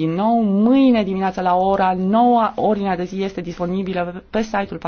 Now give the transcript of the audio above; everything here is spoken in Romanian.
Din nou, mâine dimineața la ora 9, ordinea de zi este disponibilă pe site-ul